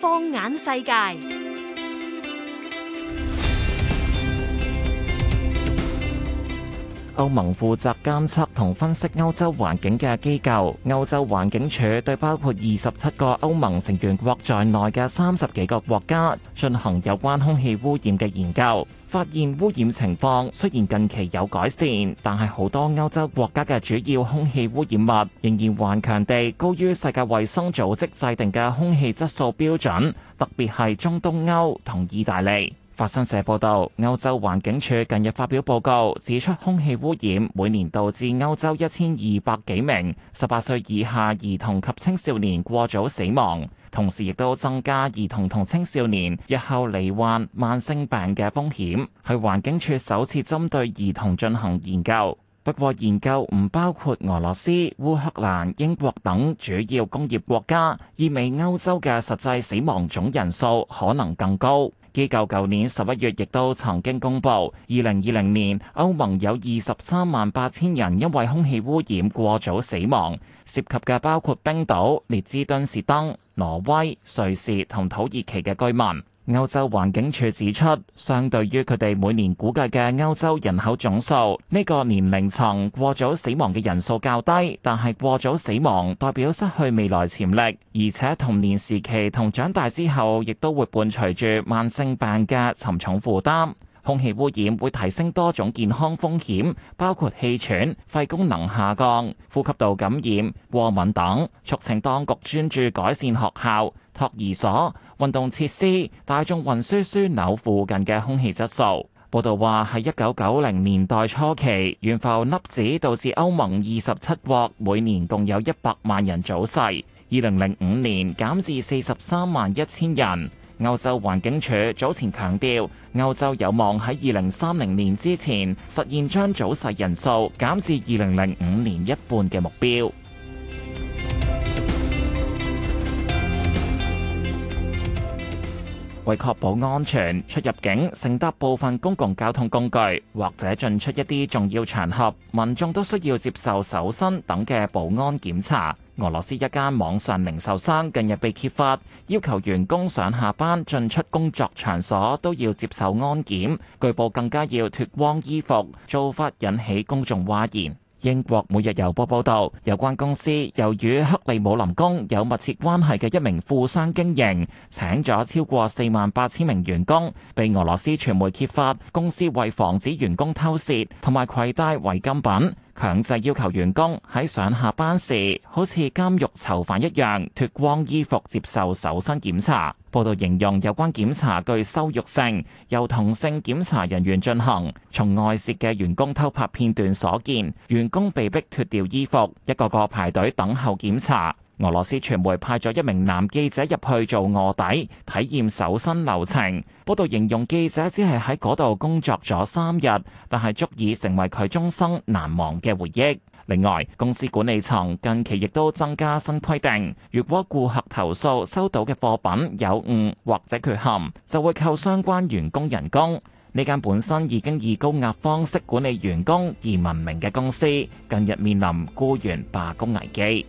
放眼世界。歐盟負責監測同分析歐洲環境嘅機構歐洲環境署對包括法新社報道，歐洲環境署近日發表報告，指出空氣污染每年導致歐洲一千二百幾名十八歲以下兒童及青少年過早死亡，同時亦都增加兒童同青少年日後罹患慢性病嘅風險。係環境署首次針對兒童進行研究，不過研究唔包括俄羅斯、烏克蘭、英國等主要工業國家，意味歐洲嘅實際死亡總人數可能更高。機構舊年十一月亦都曾經公布，二零二零年歐盟有二十三萬八千人因為空氣污染過早死亡，涉及嘅包括冰島、列支敦士登、挪威、瑞士同土耳其嘅居民。歐洲環境署指出，相對於佢哋每年估計嘅歐洲人口總數，呢、這個年齡層過早死亡嘅人數較低，但係過早死亡代表失去未來潛力，而且童年時期同長大之後，亦都會伴隨住慢性病嘅沉重負擔。空氣污染會提升多種健康風險，包括氣喘、肺功能下降、呼吸道感染、過敏等。促請當局專注改善學校、托兒所、運動設施、大眾運輸樞紐附近嘅空氣質素。報道話喺一九九零年代初期，懸浮粒子導致歐盟二十七國每年共有一百萬人早逝，二零零五年減至四十三萬一千人。歐洲環境署早前強調，歐洲有望喺二零三零年之前實現將早逝人數減至二零零五年一半嘅目標。為確保安全，出入境乘搭部分公共交通工具或者進出一啲重要場合，民眾都需要接受搜身等嘅保安檢查。俄羅斯一間網上零售商近日被揭發，要求員工上下班進出工作場所都要接受安檢，據報更加要脫光衣服，做法引起公眾嘩然。英國每日郵報報道，有關公司由與克里姆林宮有密切關係嘅一名富商經營，請咗超過四萬八千名員工，被俄羅斯傳媒揭發，公司為防止員工偷竊同埋攜帶違禁品。強制要求員工喺上下班時，好似監獄囚犯一樣脫光衣服接受搜身檢查。報道形容有關檢查具羞辱性，由同性檢查人員進行。從外泄嘅員工偷拍片段所見，員工被迫脫掉衣服，一個個排隊等候檢查。俄羅斯傳媒派咗一名男記者入去做卧底，體驗搜身流程。報道形容記者只係喺嗰度工作咗三日，但係足以成為佢終生難忘嘅回憶。另外，公司管理層近期亦都增加新規定，如果顧客投訴收到嘅貨品有誤或者缺陷，就會扣相關員工人工。呢間本身已經以高壓方式管理員工而聞名嘅公司，近日面臨雇員罷工危機。